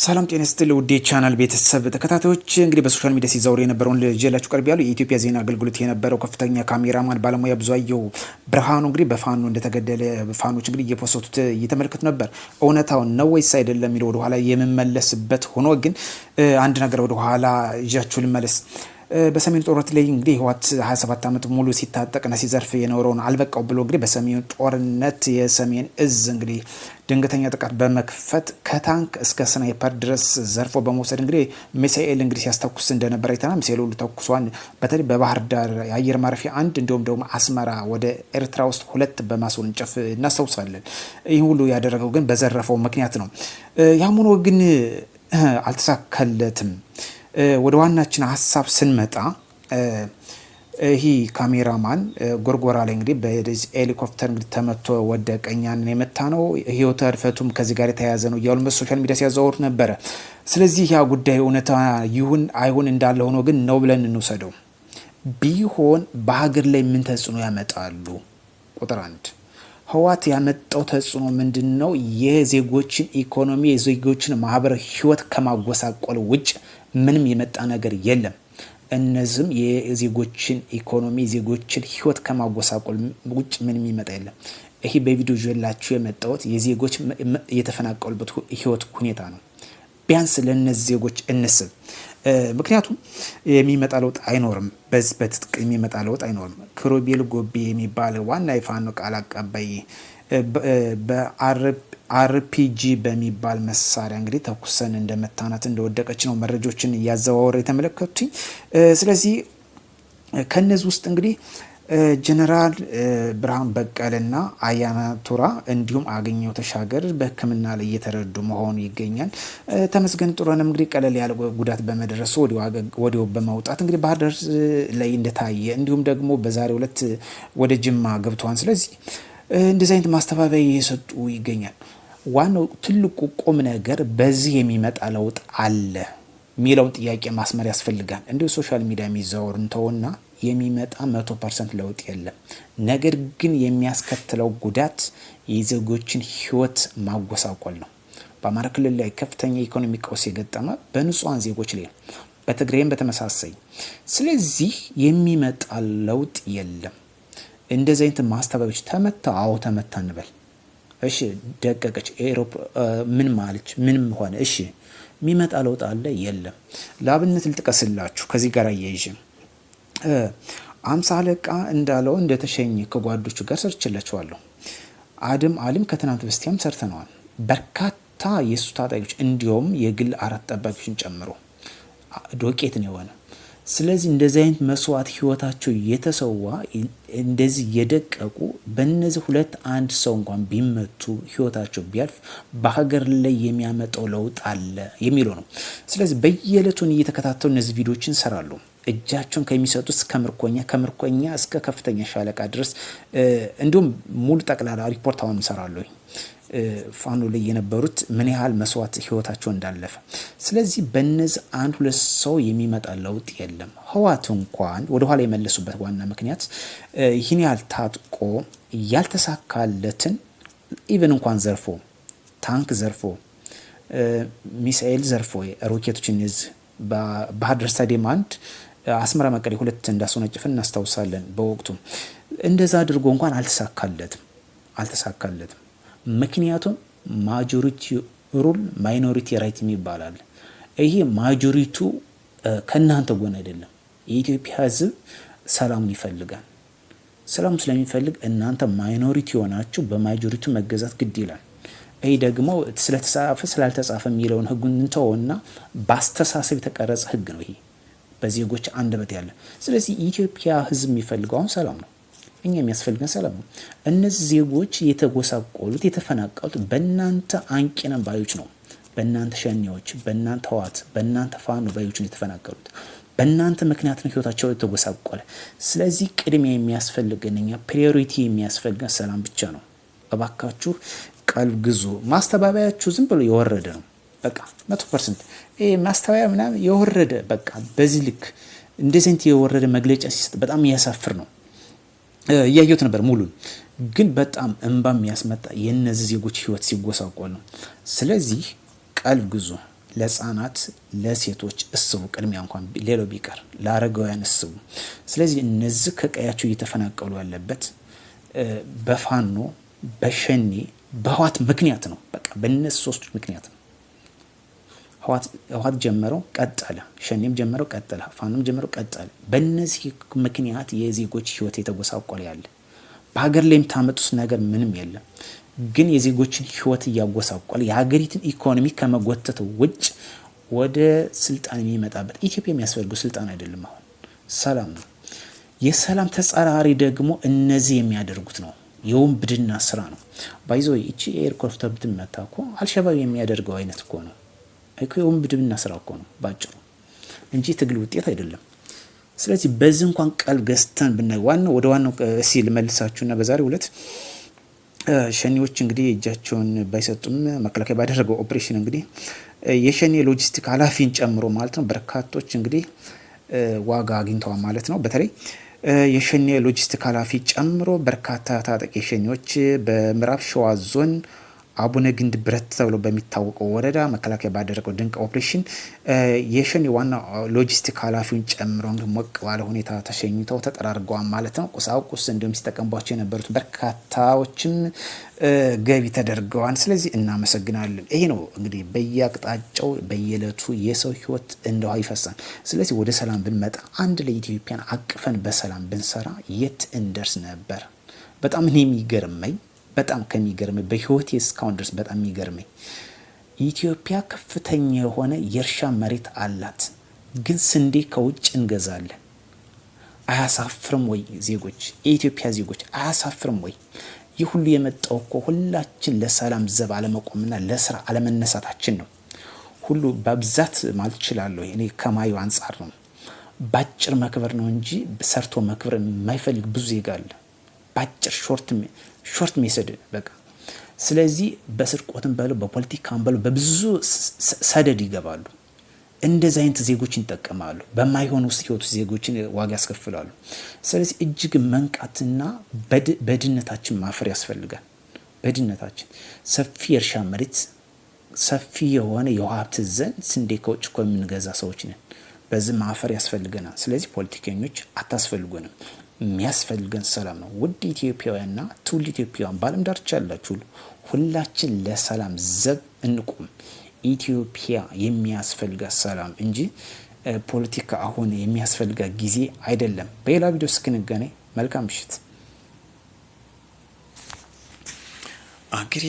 ሰላም ጤና ስትል ውዴ ቻናል ቤተሰብ ተከታታዮች እንግዲህ በሶሻል ሚዲያ ሲዘውር የነበረውን ልጅላችሁ ቀርብ ያሉ የኢትዮጵያ ዜና አገልግሎት የነበረው ከፍተኛ ካሜራማን ባለሙያ ብዙአየሁ ብርሃኑ እንግዲህ በፋኖ እንደተገደለ ፋኖች እንግዲህ እየፖሰቱት እየተመለከቱ ነበር። እውነታውን ነው ወይስ አይደለም የሚለው ወደኋላ የምመለስበት ሆኖ ግን አንድ ነገር ወደኋላ እጃችሁ ልመለስ። በሰሜኑ ጦርነት ላይ እንግዲህ ህወሓት 27 ዓመት ሙሉ ሲታጠቅና ሲዘርፍ የኖረውን አልበቃው ብሎ እንግዲህ በሰሜኑ ጦርነት የሰሜን እዝ እንግዲህ ድንገተኛ ጥቃት በመክፈት ከታንክ እስከ ስናይፐር ድረስ ዘርፎ በመውሰድ እንግዲህ ሚሳኤል እንግዲህ ሲያስተኩስ እንደነበረ ይተና ሚሳኤል ሁሉ ተኩሷን በተለይ በባህር ዳር የአየር ማረፊያ አንድ እንዲሁም ደግሞ አስመራ ወደ ኤርትራ ውስጥ ሁለት በማስወንጨፍ እናስታውሳለን። ይህ ሁሉ ያደረገው ግን በዘረፈው ምክንያት ነው። ያሙኖ ግን አልተሳካለትም። ወደ ዋናችን ሀሳብ ስንመጣ ይህ ካሜራማን ጎርጎራ ላይ እንግዲህ በዚ ሄሊኮፕተር እንግዲህ ተመቶ ወደ ቀኛን የመታ ነው ህይወት እድፈቱም ከዚህ ጋር የተያያዘ ነው እያሉ በሶሻል ሚዲያ ሲያዘወሩት ነበረ። ስለዚህ ያ ጉዳይ እውነታ ይሁን አይሁን እንዳለ ሆኖ ግን ነው ብለን እንውሰደው ቢሆን በሀገር ላይ ምን ተጽዕኖ ያመጣሉ? ቁጥር አንድ ህዋት ያመጣው ተጽዕኖ ምንድን ነው? የዜጎችን ኢኮኖሚ የዜጎችን ማህበራዊ ህይወት ከማጎሳቆል ውጭ ምንም የመጣ ነገር የለም። እነዚህም የዜጎችን ኢኮኖሚ ዜጎችን ህይወት ከማጎሳቆል ውጭ ምን የሚመጣ የለም። ይሄ በቪዲዮ ጆላችሁ የመጣሁት የዜጎች የተፈናቀሉበት ህይወት ሁኔታ ነው። ቢያንስ ለእነዚህ ዜጎች እንስብ። ምክንያቱም የሚመጣ ለውጥ አይኖርም። በዚህ በትጥቅ የሚመጣ ለውጥ አይኖርም። ክሮቤል ጎቤ የሚባል ዋና የፋኖ ቃል አቀባይ በአርፒጂ በሚባል መሳሪያ እንግዲህ ተኩሰን እንደመታናት እንደወደቀች ነው መረጃዎችን እያዘዋወረ የተመለከቱኝ። ስለዚህ ከነዚህ ውስጥ እንግዲህ ጀነራል ብርሃን በቀልና አያና ቱራ እንዲሁም አገኘው ተሻገር በሕክምና ላይ እየተረዱ መሆኑ ይገኛል። ተመስገን ጥሩነህም እንግዲህ ቀለል ያለ ጉዳት በመድረሱ ወዲያው በመውጣት እንግዲህ ባህር ዳር ላይ እንደታየ እንዲሁም ደግሞ በዛሬው ዕለት ወደ ጅማ ገብተዋል። ስለዚህ እንደዚህ አይነት ማስተባበያ እየሰጡ ይገኛል። ዋናው ትልቁ ቁም ነገር በዚህ የሚመጣ ለውጥ አለ የሚለውን ጥያቄ ማስመር ያስፈልጋል። እንዲሁ ሶሻል ሚዲያ የሚዘወሩን ተውና የሚመጣ መቶ ፐርሰንት ለውጥ የለም። ነገር ግን የሚያስከትለው ጉዳት የዜጎችን ህይወት ማጎሳቆል ነው። በአማራ ክልል ላይ ከፍተኛ የኢኮኖሚ ቀውስ የገጠመ በንጹሐን ዜጎች ላይ ነው። በትግራይም በተመሳሳይ። ስለዚህ የሚመጣ ለውጥ የለም። እንደዚህ አይነት ማስተባበያዎች ተመታ። አዎ ተመታ እንበል። እሺ ደቀቀች። ኤሮፕ ምን ማለች? ምንም ሆነ። እሺ የሚመጣ ለውጥ አለ? የለም። ለአብነት ልጥቀስላችሁ ከዚህ ጋር አያይዤ አምሳ አለቃ እንዳለው እንደተሸኘ ከጓዶቹ ጋር ሰርችላችኋለሁ። አድም አሊም ከትናንት በስቲያም ሰርተነዋል። በርካታ የእሱ ታጣቂዎች እንዲሁም የግል አራት ጠባቂዎችን ጨምሮ ዶቄት ነው የሆነ ስለዚህ እንደዚህ አይነት መስዋዕት ህይወታቸው የተሰዋ እንደዚህ የደቀቁ በእነዚህ ሁለት አንድ ሰው እንኳን ቢመቱ ህይወታቸው ቢያልፍ በሀገር ላይ የሚያመጣው ለውጥ አለ የሚለው ነው። ስለዚህ በየዕለቱን እየተከታተሉ እነዚህ ቪዲዮዎችን ይሰራሉ። እጃቸውን ከሚሰጡት እስከ ምርኮኛ ከምርኮኛ እስከ ከፍተኛ ሻለቃ ድረስ እንዲሁም ሙሉ ጠቅላላ ሪፖርት አሁን እሰራለሁ። ፋኖ ላይ የነበሩት ምን ያህል መስዋዕት ህይወታቸው እንዳለፈ። ስለዚህ በነዚህ አንድ ሁለት ሰው የሚመጣ ለውጥ የለም። ህዋት እንኳን ወደኋላ የመለሱበት ዋና ምክንያት ይህን ያህል ታጥቆ ያልተሳካለትን ኢቨን እንኳን ዘርፎ ታንክ ዘርፎ ሚሳኤል ዘርፎ ሮኬቶችን ይዝ ባህርዳር ስታዲየም አንድ አስመራ መቀሌ ሁለት እንዳስወነጭፍን እናስታውሳለን። በወቅቱ እንደዛ አድርጎ እንኳን አልተሳካለትም አልተሳካለትም። ምክንያቱም ማጆሪቲ ሩል ማይኖሪቲ ራይት ይባላል። ይሄ ማጆሪቱ ከእናንተ ጎን አይደለም። የኢትዮጵያ ሕዝብ ሰላሙን ይፈልጋል። ሰላሙ ስለሚፈልግ እናንተ ማይኖሪቲ የሆናችሁ በማጆሪቱ መገዛት ግድ ይላል። ይህ ደግሞ ስለተጻፈ ስላልተጻፈ የሚለውን ሕጉን እንተወና በአስተሳሰብ የተቀረጸ ህግ ነው። ይሄ በዜጎች በት ያለ። ስለዚህ የኢትዮጵያ ህዝብ የሚፈልገው አሁን ሰላም ነው። እኛ የሚያስፈልገን ሰላም ነው። እነዚህ ዜጎች የተጎሳቆሉት የተፈናቀሉት በእናንተ አንቂነን ባዮች ነው። በእናንተ ሸኔዎች፣ በእናንተ ህዋት፣ በእናንተ ፋኖ ባዮች ነው የተፈናቀሉት። በእናንተ ምክንያት ነው ህይወታቸው የተጎሳቆለ። ስለዚህ ቅድሚያ የሚያስፈልገን እኛ ፕሪዮሪቲ የሚያስፈልገን ሰላም ብቻ ነው። እባካችሁ ቀልብ ግዙ። ማስተባበያችሁ ዝም ብሎ የወረደ ነው። በቃ መቶ ፐርሰንት ይሄ ማስተባበያ ምናምን የወረደ በቃ በዚህ ልክ እንደዚህ የወረደ መግለጫ ሲሰጥ በጣም ያሳፍር ነው። እያየሁት ነበር ሙሉን። ግን በጣም እንባ የሚያስመጣ የእነዚህ ዜጎች ህይወት ሲጎሳቆል ነው። ስለዚህ ቀልብ ግዙ። ለህፃናት ለሴቶች እስቡ፣ ቅድሚያ እንኳን ሌላው ቢቀር ለአረጋውያን እስቡ። ስለዚህ እነዚህ ከቀያቸው እየተፈናቀሉ ያለበት በፋኖ በሸኔ በህዋት ምክንያት ነው። በቃ በእነዚህ ሶስቶች ምክንያት ነው። ህዋት ጀመረው ቀጠለ፣ ሸኔም ጀመረው ቀጠለ፣ ፋኖም ጀመረው ቀጠለ። በእነዚህ ምክንያት የዜጎች ህይወት የተጎሳቆለ ያለ በሀገር ላይ የምታመጡት ነገር ምንም የለም፣ ግን የዜጎችን ህይወት እያጎሳቆለ የሀገሪትን ኢኮኖሚ ከመጎተት ውጭ ወደ ስልጣን የሚመጣበት ኢትዮጵያ የሚያስፈልገው ስልጣን አይደለም። አሁን ሰላም ነው። የሰላም ተጻራሪ ደግሞ እነዚህ የሚያደርጉት ነው። የውንብድና ስራ ነው። ባይዞ ይቺ ኤርኮፍተር ብትመታ እኮ አልሸባብ የሚያደርገው አይነት እኮ ነው። ሀይኩ የውንብድብና ስራ እኮ ነው ባጭሩ እንጂ ትግል ውጤት አይደለም። ስለዚህ በዚህ እንኳን ቀልብ ገዝተን ብናይ ዋናው ወደ ዋናው እሲ ልመልሳችሁና በዛሬው ዕለት ሸኔዎች እንግዲህ እጃቸውን ባይሰጡም መከላከያ ባደረገው ኦፕሬሽን እንግዲህ የሸኔ ሎጂስቲክ ኃላፊን ጨምሮ ማለት ነው በርካቶች እንግዲህ ዋጋ አግኝተዋል ማለት ነው። በተለይ የሸኔ ሎጂስቲክ ኃላፊ ጨምሮ በርካታ ታጠቂ ሸኔዎች በምዕራብ ሸዋ ዞን አቡነ ግንድ ብረት ተብሎ በሚታወቀው ወረዳ መከላከያ ባደረገው ድንቅ ኦፕሬሽን የሸኔ ዋና ሎጂስቲክ ኃላፊውን ጨምሮ ሞቅ ባለ ሁኔታ ተሸኝተው ተጠራርገዋል ማለት ነው። ቁሳቁስ እንዲሁም ሲጠቀምባቸው የነበሩት በርካታዎችን ገቢ ተደርገዋል። ስለዚህ እናመሰግናለን። ይሄ ነው እንግዲህ በየአቅጣጫው በየዕለቱ የሰው ህይወት እንደ ውሃ ይፈሳል። ስለዚህ ወደ ሰላም ብንመጣ አንድ ላይ ኢትዮጵያን አቅፈን በሰላም ብንሰራ የት እንደርስ ነበር። በጣም እኔ የሚገርመኝ በጣም ከሚገርመኝ በህይወቴ እስካሁን ድረስ በጣም የሚገርመኝ ኢትዮጵያ ከፍተኛ የሆነ የእርሻ መሬት አላት፣ ግን ስንዴ ከውጭ እንገዛለን። አያሳፍርም ወይ ዜጎች፣ የኢትዮጵያ ዜጎች አያሳፍርም ወይ? ይህ ሁሉ የመጣው እኮ ሁላችን ለሰላም ዘብ አለመቆምና ለስራ አለመነሳታችን ነው። ሁሉ በብዛት ማለት እችላለሁ እኔ ከማየው አንጻር ነው። ባጭር መክበር ነው እንጂ ሰርቶ መክበር የማይፈልግ ብዙ ዜጋ አለ። ባጭር ሾርት ሜሰድ በቃ። ስለዚህ በስርቆትን በለው በፖለቲካን በለው በብዙ ሰደድ ይገባሉ። እንደዚ አይነት ዜጎችን ይጠቀማሉ። በማይሆን ውስጥ ህይወቱ ዜጎችን ዋጋ ያስከፍላሉ። ስለዚህ እጅግ መንቃትና በድነታችን ማፈር ያስፈልጋል። በድነታችን ሰፊ የእርሻ መሬት ሰፊ የሆነ የውሃ ሀብት ስንዴ ከውጭ ኮ የምንገዛ ሰዎች ነን። በዚህ ማፈር ያስፈልገናል። ስለዚህ ፖለቲከኞች አታስፈልጉንም። የሚያስፈልገን ሰላም ነው። ውድ ኢትዮጵያውያንና ትውልድ ኢትዮጵያውያን በዓለም ዳርቻ ያላችሁ ሁላችን ለሰላም ዘብ እንቁም። ኢትዮጵያ የሚያስፈልጋ ሰላም እንጂ ፖለቲካ አሁን የሚያስፈልጋ ጊዜ አይደለም። በሌላ ቪዲዮ እስክንገናኝ መልካም ምሽት። አገሬ